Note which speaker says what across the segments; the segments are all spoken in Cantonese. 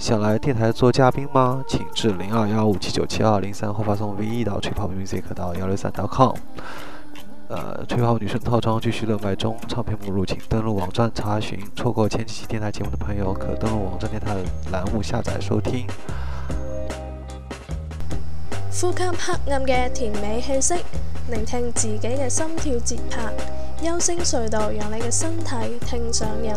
Speaker 1: 想來電台做嘉賓嗎？請至零二幺五七九七二零三或發送 V 一到吹泡 music 到幺六三 .com。呃，吹泡女生套裝繼續熱賣中，唱片目錄請登錄網站查詢。錯過前幾期電台節目的朋友，可登錄網站電台欄目下載收聽。呼吸黑暗嘅甜美氣息，聆聽自己嘅心跳節拍，幽聲隧道讓你嘅身體聽上癮。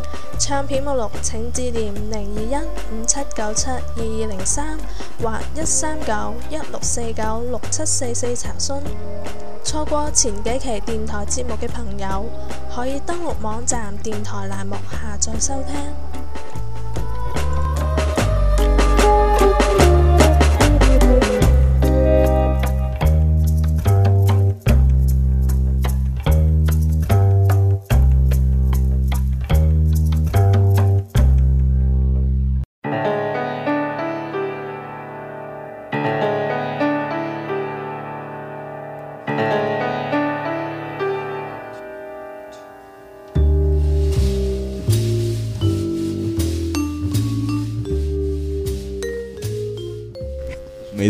Speaker 1: 唱片目錄，請致電零二一五七九七二二零三或一三九一六四九六七四四查詢。錯過前幾期電台節目嘅朋友，可以登錄網站電台欄目
Speaker 2: 下載收聽。